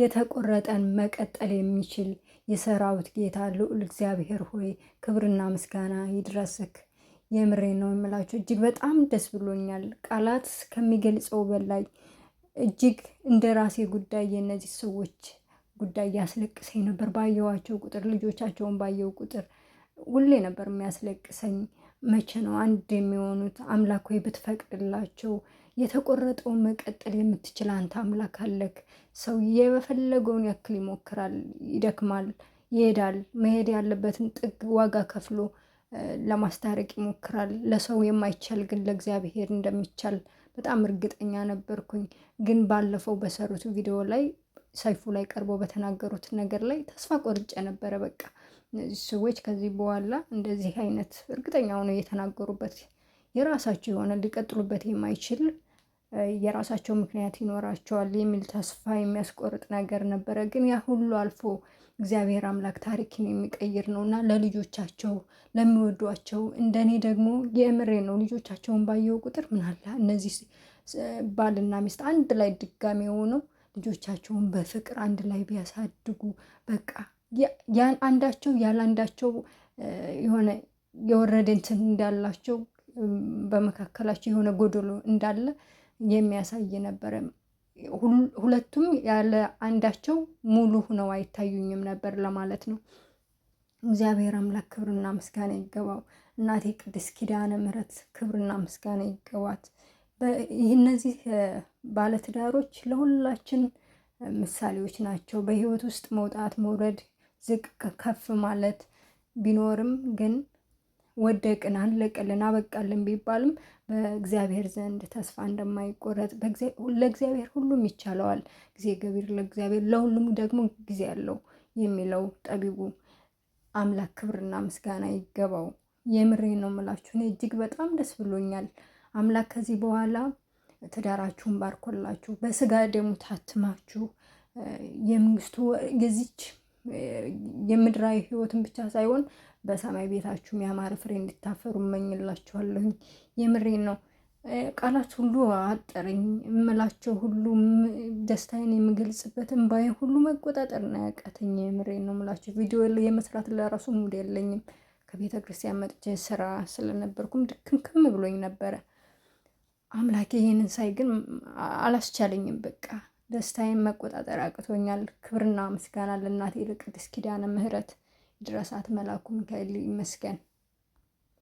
የተቆረጠን መቀጠል የሚችል የሰራዊት ጌታ ልዑል እግዚአብሔር ሆይ ክብርና ምስጋና ይድረስክ። የምሬ ነው የምላችሁ፣ እጅግ በጣም ደስ ብሎኛል። ቃላት ከሚገልጸው በላይ እጅግ እንደ ራሴ ጉዳይ የእነዚህ ሰዎች ጉዳይ ያስለቅሰኝ ነበር። ባየዋቸው ቁጥር ልጆቻቸውን ባየው ቁጥር ሁሌ ነበር የሚያስለቅሰኝ። መቼ ነው አንድ የሚሆኑት? አምላክ ሆይ ብትፈቅድላቸው የተቆረጠውን መቀጠል የምትችል አንተ አምላክ አለክ። ሰው የፈለገውን ያክል ይሞክራል፣ ይደክማል፣ ይሄዳል። መሄድ ያለበትን ጥግ ዋጋ ከፍሎ ለማስታረቅ ይሞክራል። ለሰው የማይቻል ግን ለእግዚአብሔር እንደሚቻል በጣም እርግጠኛ ነበርኩኝ። ግን ባለፈው በሰሩት ቪዲዮ ላይ ሰይፉ ላይ ቀርቦ በተናገሩት ነገር ላይ ተስፋ ቆርጬ ነበረ በቃ እነዚህ ሰዎች ከዚህ በኋላ እንደዚህ አይነት እርግጠኛ ሆነው የተናገሩበት የራሳቸው የሆነ ሊቀጥሉበት የማይችል የራሳቸው ምክንያት ይኖራቸዋል የሚል ተስፋ የሚያስቆርጥ ነገር ነበረ። ግን ያ ሁሉ አልፎ እግዚአብሔር አምላክ ታሪክን የሚቀይር ነው እና ለልጆቻቸው ለሚወዷቸው፣ እንደኔ ደግሞ የእምሬ ነው ልጆቻቸውን ባየው ቁጥር ምናለ እነዚህ ባልና ሚስት አንድ ላይ ድጋሚ የሆነው ልጆቻቸውን በፍቅር አንድ ላይ ቢያሳድጉ በቃ አንዳቸው ያለአንዳቸው የሆነ የወረደ እንትን እንዳላቸው በመካከላቸው የሆነ ጎደሎ እንዳለ የሚያሳይ ነበረ። ሁለቱም ያለ አንዳቸው ሙሉ ሆነው አይታዩኝም ነበር ለማለት ነው። እግዚአብሔር አምላክ ክብርና ምስጋና ይገባው። እናቴ ቅድስት ኪዳነ ምሕረት ክብርና ምስጋና ይገባት። እነዚህ ባለትዳሮች ለሁላችን ምሳሌዎች ናቸው። በህይወት ውስጥ መውጣት መውረድ ዝቅ ከፍ ማለት ቢኖርም ግን ወደቅን አለቀልን አበቃልን ቢባልም በእግዚአብሔር ዘንድ ተስፋ እንደማይቆረጥ ለእግዚአብሔር ሁሉም ይቻለዋል። ጊዜ ገቢር ለእግዚአብሔር ለሁሉም ደግሞ ጊዜ አለው የሚለው ጠቢቡ አምላክ ክብርና ምስጋና ይገባው። የምሬ ነው ምላችሁ። እኔ እጅግ በጣም ደስ ብሎኛል። አምላክ ከዚህ በኋላ ትዳራችሁን ባርኮላችሁ በስጋ ደሙ ታትማችሁ የመንግስቱ የዚች የምድራዊ ህይወትን ብቻ ሳይሆን በሰማይ ቤታችሁ የሚያማር ፍሬ እንድታፈሩ እመኝላችኋለሁኝ። የምሬን ነው። ቃላት ሁሉ አጠረኝ እምላቸው ሁሉ ደስታዬን የምገልጽበት እምባዬ ሁሉ መቆጣጠር ነው ያቃተኝ። የምሬን ነው ምላቸው ቪዲዮ የመስራት ለራሱ ሙድ የለኝም። ከቤተ ክርስቲያን መጥቼ ስራ ስለነበርኩም ድክምክም ብሎኝ ነበረ። አምላኬ ይህንን ሳይ ግን አላስቻለኝም በቃ ደስታዬን መቆጣጠር አቅቶኛል። ክብርና ምስጋና ለእናቴ ለቅድስት ኪዳነ ምሕረት ድረሳት መላኩ ሚካኤል ይመስገን።